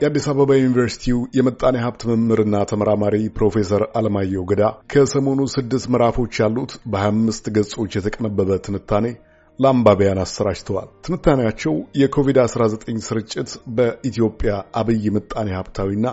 የአዲስ አበባ ዩኒቨርሲቲው የመጣኔ ሀብት መምህርና ተመራማሪ ፕሮፌሰር አለማየሁ ገዳ ከሰሞኑ ስድስት ምዕራፎች ያሉት በ25 ገጾች የተቀነበበ ትንታኔ ለአንባቢያን አሰራጭተዋል። ትንታኔያቸው የኮቪድ-19 ስርጭት በኢትዮጵያ አብይ ምጣኔ ሀብታዊና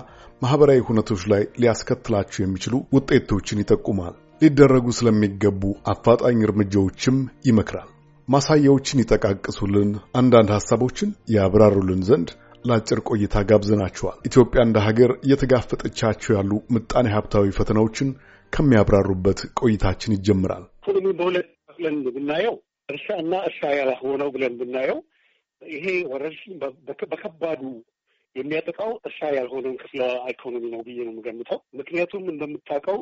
ማህበራዊ ሁነቶች ላይ ሊያስከትላቸው የሚችሉ ውጤቶችን ይጠቁማል። ሊደረጉ ስለሚገቡ አፋጣኝ እርምጃዎችም ይመክራል። ማሳያዎችን ይጠቃቅሱልን፣ አንዳንድ ሀሳቦችን ያብራሩልን ዘንድ ለአጭር ቆይታ ጋብዘናቸዋል። ኢትዮጵያ እንደ ሀገር እየተጋፈጠቻቸው ያሉ ምጣኔ ሀብታዊ ፈተናዎችን ከሚያብራሩበት ቆይታችን ይጀምራል። ኢኮኖሚ በሁለት ብለን ብናየው እርሻ እና እርሻ ያልሆነው ብለን ብናየው ይሄ ወረርሽኝ በከባዱ የሚያጠቃው እርሻ ያልሆነውን ክፍለ ኢኮኖሚ ነው ብዬ ነው የምገምተው። ምክንያቱም እንደምታውቀው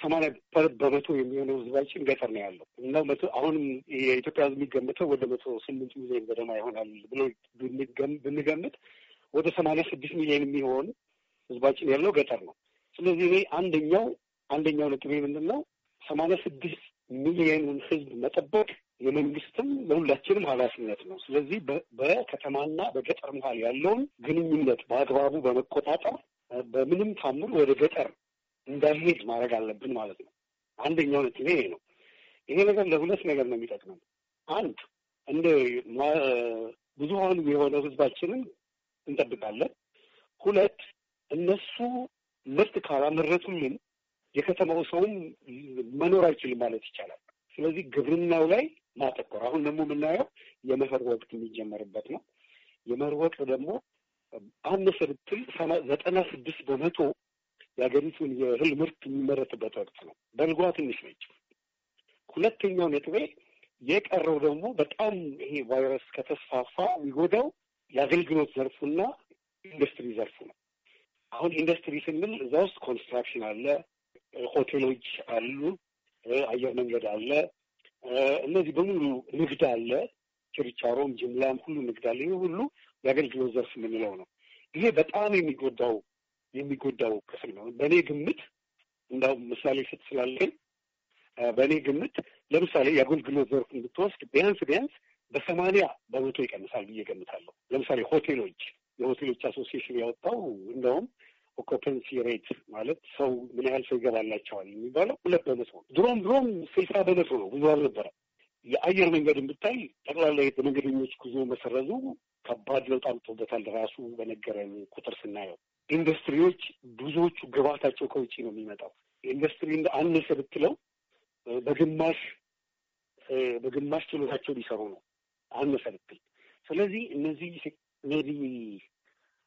ሰማንያ በመቶ የሚሆነው ህዝባችን ገጠር ነው ያለው እና መቶ አሁንም የኢትዮጵያ ህዝብ የሚገምተው ወደ መቶ ስምንት ሚሊዮን ገደማ ይሆናል ብሎ ብንገምት ወደ ሰማንያ ስድስት ሚሊዮን የሚሆን ህዝባችን ያለው ገጠር ነው። ስለዚህ እኔ አንደኛው አንደኛው ነጥብ ምንድን ነው ሰማንያ ስድስት ሚሊዮኑን ህዝብ መጠበቅ የመንግስትም ለሁላችንም ኃላፊነት ነው። ስለዚህ በከተማና በገጠር መሀል ያለውን ግንኙነት በአግባቡ በመቆጣጠር በምንም ታምር ወደ ገጠር እንዳይሄድ ማድረግ አለብን ማለት ነው። አንደኛው ነጥቤ ይሄ ነው። ይሄ ነገር ለሁለት ነገር ነው የሚጠቅመን። አንድ እንደ ብዙሀኑ የሆነ ህዝባችንን እንጠብቃለን። ሁለት እነሱ ምርት ካላመረቱልን የከተማው ሰውም መኖር አይችልም ማለት ይቻላል። ስለዚህ ግብርናው ላይ ማተኮር። አሁን ደግሞ የምናየው የመኸር ወቅት የሚጀመርበት ነው። የመኸር ወቅት ደግሞ አነሰ ብትል ዘጠና ስድስት በመቶ የሀገሪቱን የእህል ምርት የሚመረትበት ወቅት ነው። በልጓ ትንሽ ነች። ሁለተኛው ነጥቤ የቀረው ደግሞ በጣም ይሄ ቫይረስ ከተስፋፋ የሚጎዳው የአገልግሎት ዘርፉና ኢንዱስትሪ ዘርፉ ነው። አሁን ኢንዱስትሪ ስንል እዛ ውስጥ ኮንስትራክሽን አለ፣ ሆቴሎች አሉ፣ አየር መንገድ አለ። እነዚህ በሙሉ ንግድ አለ፣ ችርቻሮም፣ ጅምላም ሁሉ ንግድ አለ። ይህ ሁሉ የአገልግሎት ዘርፍ የምንለው ነው። ይሄ በጣም የሚጎዳው የሚጎዳው ክፍል ነው። በእኔ ግምት እንዳውም ምሳሌ ሰጥ ስላለኝ በእኔ ግምት ለምሳሌ የአገልግሎት ዘርፍ ብትወስድ ቢያንስ ቢያንስ በሰማንያ በመቶ ይቀንሳል ብዬ ገምታለሁ። ለምሳሌ ሆቴሎች፣ የሆቴሎች አሶሲሽን ያወጣው እንደውም ኦኮፐንሲ ሬት ማለት ሰው ምን ያህል ሰው ይገባላቸዋል የሚባለው ሁለት በመቶ ነው። ድሮም ድሮም ስልሳ በመቶ ነው፣ ብዙ አልነበረም። የአየር መንገድን ብታይ ጠቅላላ የመንገደኞች ጉዞ መሰረዙ ከባድ ለውጥ አምጥቶበታል። ራሱ በነገረን ቁጥር ስናየው ኢንዱስትሪዎች ብዙዎቹ ግባታቸው ከውጭ ነው የሚመጣው። ኢንዱስትሪ አነሰ ብትለው በግማሽ በግማሽ ችሎታቸው ሊሰሩ ነው አነሰ ብትል። ስለዚህ እነዚህ ሜቢ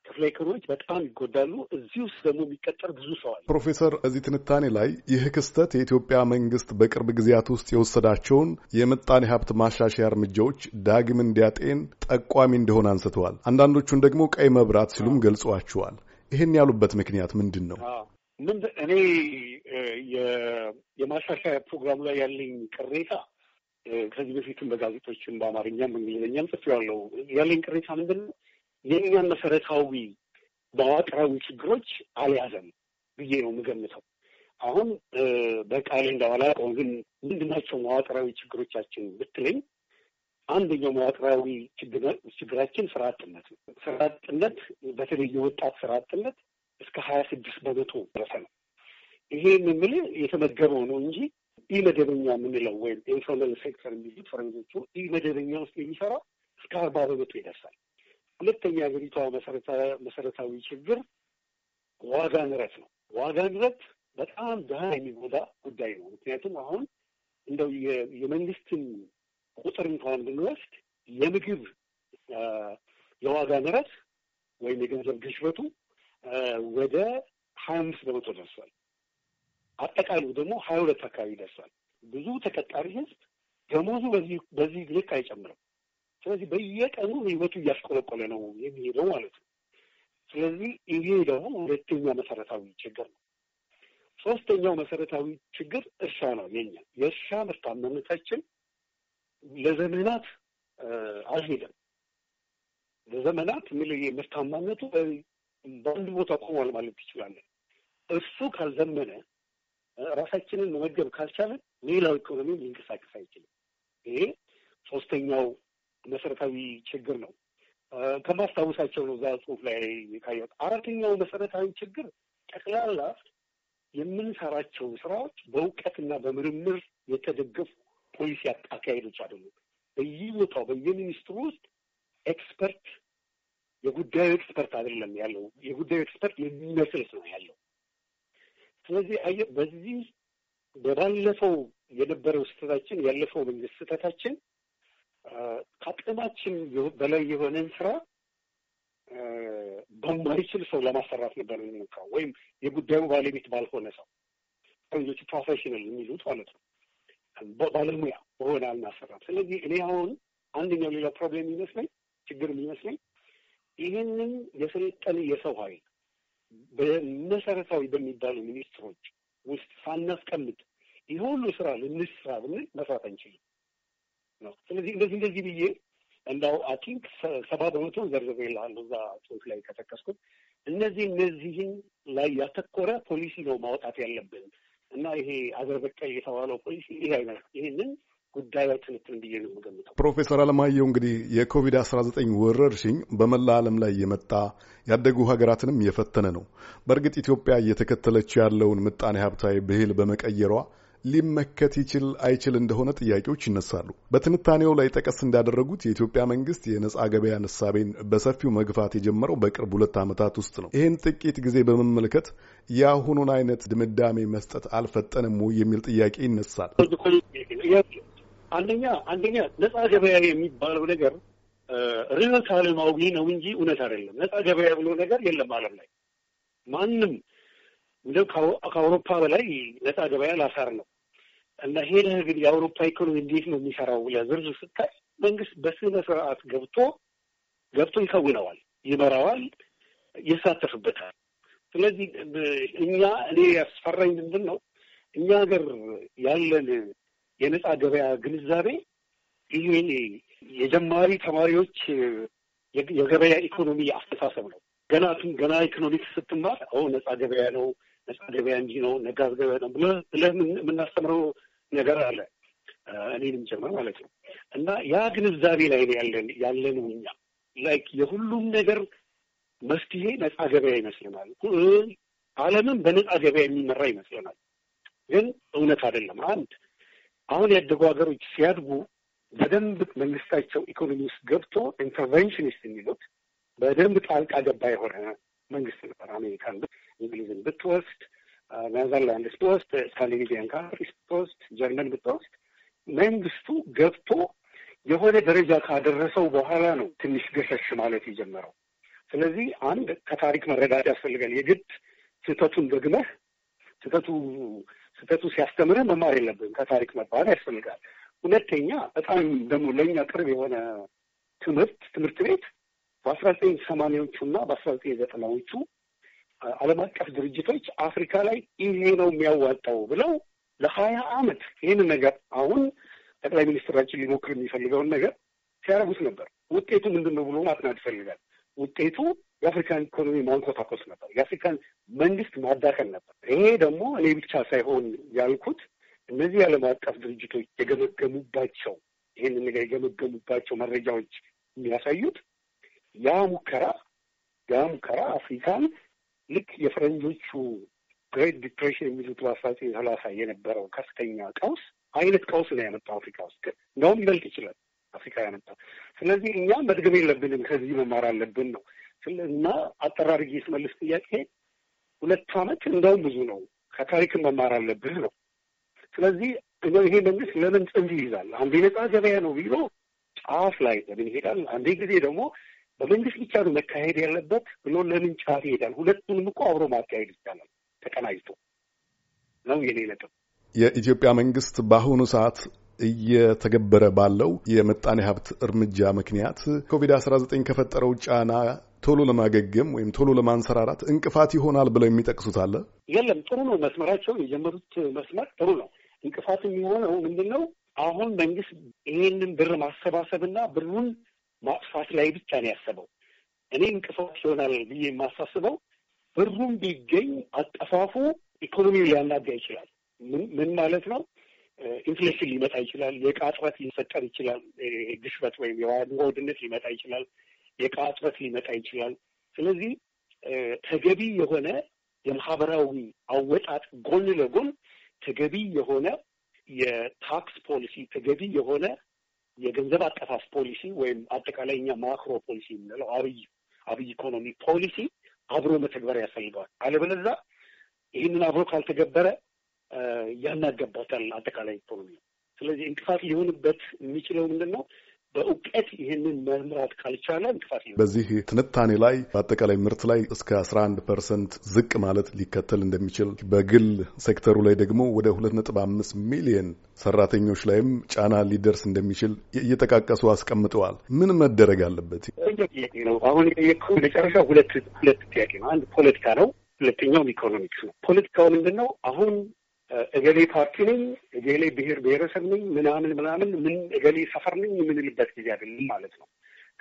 ክፍለ ኢኮኖሚዎች በጣም ይጎዳሉ። እዚህ ውስጥ ደግሞ የሚቀጠር ብዙ ሰው አለ። ፕሮፌሰር፣ እዚህ ትንታኔ ላይ ይህ ክስተት የኢትዮጵያ መንግስት በቅርብ ጊዜያት ውስጥ የወሰዳቸውን የምጣኔ ሀብት ማሻሻያ እርምጃዎች ዳግም እንዲያጤን ጠቋሚ እንደሆነ አንስተዋል። አንዳንዶቹን ደግሞ ቀይ መብራት ሲሉም ገልጸዋቸዋል። ይህን ያሉበት ምክንያት ምንድን ነው? ምን እኔ የማሻሻያ ፕሮግራሙ ላይ ያለኝ ቅሬታ ከዚህ በፊትም በጋዜጦችም በአማርኛም እንግሊዝኛም ጽፌዋለሁ። ያለኝ ቅሬታ ምንድን ነው? የእኛን መሰረታዊ መዋቅራዊ ችግሮች አልያዘም ብዬ ነው የምገምተው። አሁን በቃሌ እንደኋላ ግን ምንድናቸው መዋቅራዊ ችግሮቻችን ብትለኝ አንደኛው መዋቅራዊ ችግራችን ስራ አጥነት ነው። ስራ አጥነት በተለይ የወጣት ስራ አጥነት እስከ ሀያ ስድስት በመቶ ደረሰ ነው። ይሄ የምል የተመገበው ነው እንጂ ኢ መደበኛ የምንለው ወይም ኢንፎርማል ሴክተር የሚሉት ፈረንጆቹ ኢ መደበኛ ውስጥ የሚሰራ እስከ አርባ በመቶ ይደርሳል። ሁለተኛ ሀገሪቷ መሰረታዊ ችግር ዋጋ ንረት ነው። ዋጋ ንረት በጣም ድሃ የሚጎዳ ጉዳይ ነው። ምክንያቱም አሁን እንደው የመንግስትን ቁጥር እንኳን ብንወስድ የምግብ የዋጋ ንረት ወይም የገንዘብ ግሽበቱ ወደ ሀያ አምስት በመቶ ደርሷል። አጠቃሉ ደግሞ ሀያ ሁለት አካባቢ ደርሷል። ብዙ ተቀጣሪ ህዝብ ደሞዙ በዚህ ልክ አይጨምርም። ስለዚህ በየቀኑ ህይወቱ እያሽቆለቆለ ነው የሚሄደው ማለት ነው። ስለዚህ ይሄ ደግሞ ሁለተኛ መሰረታዊ ችግር ነው። ሶስተኛው መሰረታዊ ችግር እርሻ ነው። የኛ የእርሻ ምርታማነታችን ለዘመናት አልሄደም። ለዘመናት ምርታማነቱ በአንድ ቦታ ቆሟል ማለት ይችላለን። እሱ ካልዘመነ ራሳችንን መመገብ ካልቻለን ሌላው ኢኮኖሚ ሊንቀሳቀስ አይችልም። ይሄ ሶስተኛው መሰረታዊ ችግር ነው። ከማስታወሳቸው ነው እዛ ጽሁፍ ላይ የታየሁት። አራተኛው መሰረታዊ ችግር ጠቅላላ የምንሰራቸው ስራዎች በእውቀትና በምርምር የተደገፉ ፖሊሲ አካሄዶች አይደሉም። በየቦታው በየሚኒስትሩ ውስጥ ኤክስፐርት የጉዳዩ ኤክስፐርት አይደለም ያለው፣ የጉዳዩ ኤክስፐርት የሚመስል ሰው ያለው። ስለዚህ አየ በዚህ በባለፈው የነበረው ስህተታችን ያለፈው መንግስት ስህተታችን ከአቅማችን በላይ የሆነን ስራ በማይችል ሰው ለማሰራት ነበር የምንሞክረው፣ ወይም የጉዳዩ ባለቤት ባልሆነ ሰው፣ ፈረንጆቹ ፕሮፌሽናል የሚሉት ማለት ነው። ባለሙያ በሆነ አልናሰራም። ስለዚህ እኔ አሁን አንደኛው ሌላ ፕሮብሌም የሚመስለኝ ችግር የሚመስለኝ ይህንን የሰለጠነ የሰው ኃይል በመሰረታዊ በሚባሉ ሚኒስትሮች ውስጥ ሳናስቀምጥ ይህ ሁሉ ስራ ልንስራ ብንል መስራት አንችልም ነው። ስለዚህ እንደዚህ እንደዚህ ብዬ እንዳው አይ ቲንክ ሰባ በመቶ ዘርዘር ይልሃሉ እዛ ጽሁፍ ላይ ከጠቀስኩት እነዚህ እነዚህን ላይ ያተኮረ ፖሊሲ ነው ማውጣት ያለብን እና ይሄ አገር በቀል የተባለው ፖሊሲ ይህ አይነት ይህንን ጉዳዩ አይተነትንም ብዬ ነው የምገምተው። ፕሮፌሰር አለማየሁ እንግዲህ የኮቪድ አስራ ዘጠኝ ወረርሽኝ በመላ ዓለም ላይ የመጣ ያደጉ ሀገራትንም የፈተነ ነው። በእርግጥ ኢትዮጵያ እየተከተለች ያለውን ምጣኔ ሀብታዊ ብሂል በመቀየሯ ሊመከት ይችል አይችል እንደሆነ ጥያቄዎች ይነሳሉ። በትንታኔው ላይ ጠቀስ እንዳደረጉት የኢትዮጵያ መንግስት የነጻ ገበያ ንሳቤን በሰፊው መግፋት የጀመረው በቅርብ ሁለት ዓመታት ውስጥ ነው። ይህን ጥቂት ጊዜ በመመልከት የአሁኑን አይነት ድምዳሜ መስጠት አልፈጠንም ወይ የሚል ጥያቄ ይነሳል። አንደኛ አንደኛ ነጻ ገበያ የሚባለው ነገር ርዕዮተ ዓለማዊ ነው እንጂ እውነት አይደለም። ነጻ ገበያ ብሎ ነገር የለም ዓለም ላይ ማንም እንደው ከአውሮፓ በላይ ነጻ ገበያ ላሳር ነው እና ሄደህ ግን የአውሮፓ ኢኮኖሚ እንዴት ነው የሚሰራው ዝርዝር ስታይ መንግስት በስነ ስርዓት ገብቶ ገብቶ ይከውነዋል፣ ይመራዋል፣ ይሳተፍበታል። ስለዚህ እኛ እኔ ያስፈራኝ ምንድን ነው እኛ ሀገር ያለን የነፃ ገበያ ግንዛቤ ይህ የጀማሪ ተማሪዎች የገበያ ኢኮኖሚ አስተሳሰብ ነው። ገና ገና ኢኮኖሚክስ ስትማር አሁ ነፃ ገበያ ነው ነፃ ገበያ እንዲህ ነው ነጋዝ ገበያ ነው ብለህ የምናስተምረው ነገር አለ እኔንም ጭምር ማለት ነው። እና ያ ግንዛቤ ላይ ነው ያለን ያለን እኛ ላይክ የሁሉም ነገር መፍትሄ ነጻ ገበያ ይመስለናል። ዓለምን በነጻ ገበያ የሚመራ ይመስለናል። ግን እውነት አይደለም። አንድ አሁን ያደጉ ሀገሮች ሲያድጉ በደንብ መንግስታቸው ኢኮኖሚ ውስጥ ገብቶ ኢንተርቬንሽኒስት የሚሉት በደንብ ጣልቃ ገባ የሆነ መንግስት ነበር። አሜሪካን እንግሊዝን ብትወስድ ኔዘርላንድስ ብትወስድ፣ ስካንዲኔቪያን ካንትሪ ብትወስድ፣ ጀርመን ብትወስድ መንግስቱ ገብቶ የሆነ ደረጃ ካደረሰው በኋላ ነው ትንሽ ገሸሽ ማለት የጀመረው። ስለዚህ አንድ ከታሪክ መረዳት ያስፈልጋል። የግድ ስህተቱን ደግመህ ስህተቱ ስህተቱ ሲያስተምርህ መማር የለብህም ከታሪክ መባል ያስፈልጋል። ሁለተኛ በጣም ደግሞ ለእኛ ቅርብ የሆነ ትምህርት ትምህርት ቤት በአስራ ዘጠኝ ሰማኒያዎቹ እና በአስራ ዘጠኝ ዘጠናዎቹ ዓለም አቀፍ ድርጅቶች አፍሪካ ላይ ይሄ ነው የሚያዋጣው ብለው ለሀያ አመት ይህን ነገር አሁን ጠቅላይ ሚኒስትራችን ሊሞክር የሚፈልገውን ነገር ሲያደርጉት ነበር። ውጤቱ ምንድን ነው ብሎ ማጥናት ይፈልጋል። ውጤቱ የአፍሪካን ኢኮኖሚ ማንኮታኮስ ነበር። የአፍሪካን መንግስት ማዳከል ነበር። ይሄ ደግሞ እኔ ብቻ ሳይሆን ያልኩት እነዚህ የዓለም አቀፍ ድርጅቶች የገመገሙባቸው ይህን ነገር የገመገሙባቸው መረጃዎች የሚያሳዩት ያ ሙከራ ያ ሙከራ አፍሪካን ልክ የፈረንጆቹ ግሬት ዲፕሬሽን የሚሉት በአስራ ዘጠኝ ሰላሳ የነበረው ከፍተኛ ቀውስ አይነት ቀውስ ነው ያመጣው አፍሪካ ውስጥ። እንደውም ይበልጥ ይችላል አፍሪካ ያመጣው። ስለዚህ እኛ መድገም የለብንም ከዚህ መማር አለብን ነው እና አጠራርጌ ስመልስ ጥያቄ ሁለት ዓመት እንደውም ብዙ ነው፣ ከታሪክ መማር አለብን ነው። ስለዚህ ይሄ መንግስት ለምን ጽንፍ ይይዛል? አንዴ ነጻ ገበያ ነው ቢሎ ጫፍ ላይ ለምን ይሄዳል? አንዴ ጊዜ ደግሞ በመንግስት ብቻ ነው መካሄድ ያለበት ብሎ ለምን ጫፍ ይሄዳል? ሁለቱንም እኮ አብሮ ማካሄድ ይቻላል። ተቀናጅቶ ነው የኔ ነጥብ። የኢትዮጵያ መንግስት በአሁኑ ሰዓት እየተገበረ ባለው የምጣኔ ሀብት እርምጃ ምክንያት ኮቪድ አስራ ዘጠኝ ከፈጠረው ጫና ቶሎ ለማገገም ወይም ቶሎ ለማንሰራራት እንቅፋት ይሆናል ብለው የሚጠቅሱት አለ። የለም ጥሩ ነው መስመራቸው የጀመሩት መስመር ጥሩ ነው። እንቅፋት የሚሆነው ምንድን ነው? አሁን መንግስት ይህንን ብር ማሰባሰብና ብሩን ማጥፋት ላይ ብቻ ነው ያሰበው። እኔ እንቅፋት ይሆናል ብዬ የማሳስበው ብሩም ቢገኝ አጠፋፉ ኢኮኖሚው ሊያናጋ ይችላል። ምን ማለት ነው? ኢንፍሌሽን ሊመጣ ይችላል። የዕቃ እጥረት ሊፈጠር ይችላል። ግሽበት ወይም የኑሮ ውድነት ሊመጣ ይችላል። የዕቃ እጥረት ሊመጣ ይችላል። ስለዚህ ተገቢ የሆነ የማህበራዊ አወጣጥ ጎን ለጎን ተገቢ የሆነ የታክስ ፖሊሲ፣ ተገቢ የሆነ የገንዘብ አጠፋፍ ፖሊሲ ወይም አጠቃላይ እኛ ማክሮ ፖሊሲ የምንለው አብይ አብይ ኢኮኖሚ ፖሊሲ አብሮ መተግበር ያስፈልገዋል። አለበለዛ ይህንን አብሮ ካልተገበረ ያናገባታል አጠቃላይ ኢኮኖሚ። ስለዚህ እንቅፋት ሊሆንበት የሚችለው ምንድን ነው? በእውቀት ይህንን መምራት ካልቻለ እንቅፋት በዚህ ትንታኔ ላይ በአጠቃላይ ምርት ላይ እስከ አስራ አንድ ፐርሰንት ዝቅ ማለት ሊከተል እንደሚችል በግል ሴክተሩ ላይ ደግሞ ወደ ሁለት ነጥብ አምስት ሚሊየን ሰራተኞች ላይም ጫና ሊደርስ እንደሚችል እየጠቃቀሱ አስቀምጠዋል። ምን መደረግ አለበት? ጥያቄ ነው። አሁን የጠየቅኩህ መጨረሻ ሁለት ሁለት ጥያቄ ነው። አንድ ፖለቲካ ነው፣ ሁለተኛውም ኢኮኖሚክስ ነው። ፖለቲካው ምንድን ነው? አሁን እገሌ ፓርቲ ነኝ፣ እገሌ ብሔር ብሔረሰብ ነኝ ምናምን ምናምን ምን እገሌ ሰፈር ነኝ የምንልበት ጊዜ አይደለም ማለት ነው።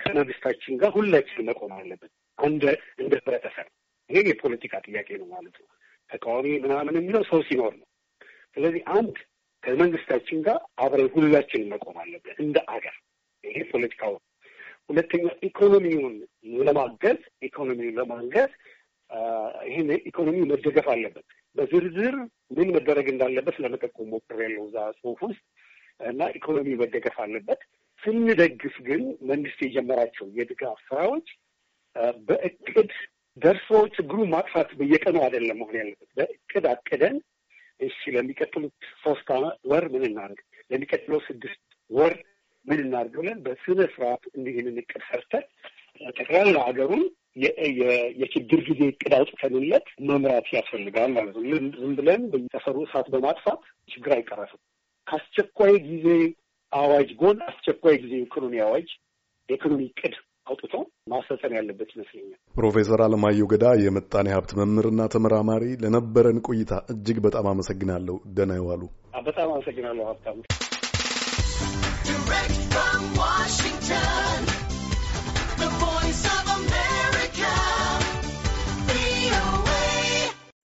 ከመንግስታችን ጋር ሁላችን መቆም አለብን እንደ እንደ ህብረተሰብ። ይሄ የፖለቲካ ጥያቄ ነው ማለት ነው። ተቃዋሚ ምናምን የሚለው ሰው ሲኖር ነው። ስለዚህ አንድ ከመንግስታችን ጋር አብረን ሁላችን መቆም አለብን እንደ አገር። ይሄ ፖለቲካው። ሁለተኛ ኢኮኖሚውን ለማገዝ ኢኮኖሚውን ለማገዝ ይህን ኢኮኖሚ መደገፍ አለበት። በዝርዝር ምን መደረግ እንዳለበት ለመጠቆም ያለው እዛ ጽሁፍ ውስጥ እና ኢኮኖሚ መደገፍ አለበት። ስንደግፍ ግን መንግስት የጀመራቸው የድጋፍ ስራዎች በእቅድ ደርሶ ችግሩ ማጥፋት በየቀኑ አይደለም መሆን ያለበት። በእቅድ አቅደን እሺ፣ ለሚቀጥሉት ሶስት ወር ምን እናርግ፣ ለሚቀጥለው ስድስት ወር ምን እናድርግ ብለን በስነ ስርዓት እንዲህንን እቅድ ሰርተን ጠቅላላ ሀገሩን የችግር ጊዜ እቅድ አውጥተንለት መምራት ያስፈልጋል ማለት ነው። ዝም ብለን በየሰፈሩ እሳት በማጥፋት ችግር አይቀረፍም። ከአስቸኳይ ጊዜ አዋጅ ጎን አስቸኳይ ጊዜ የኢኮኖሚ አዋጅ የኢኮኖሚ እቅድ አውጥቶ ማስፈጸም ያለበት ይመስለኛል። ፕሮፌሰር አለማየሁ ገዳ የምጣኔ ሀብት መምህርና ተመራማሪ፣ ለነበረን ቆይታ እጅግ በጣም አመሰግናለሁ። ደህና ይዋሉ። በጣም አመሰግናለሁ ሀብታሙ።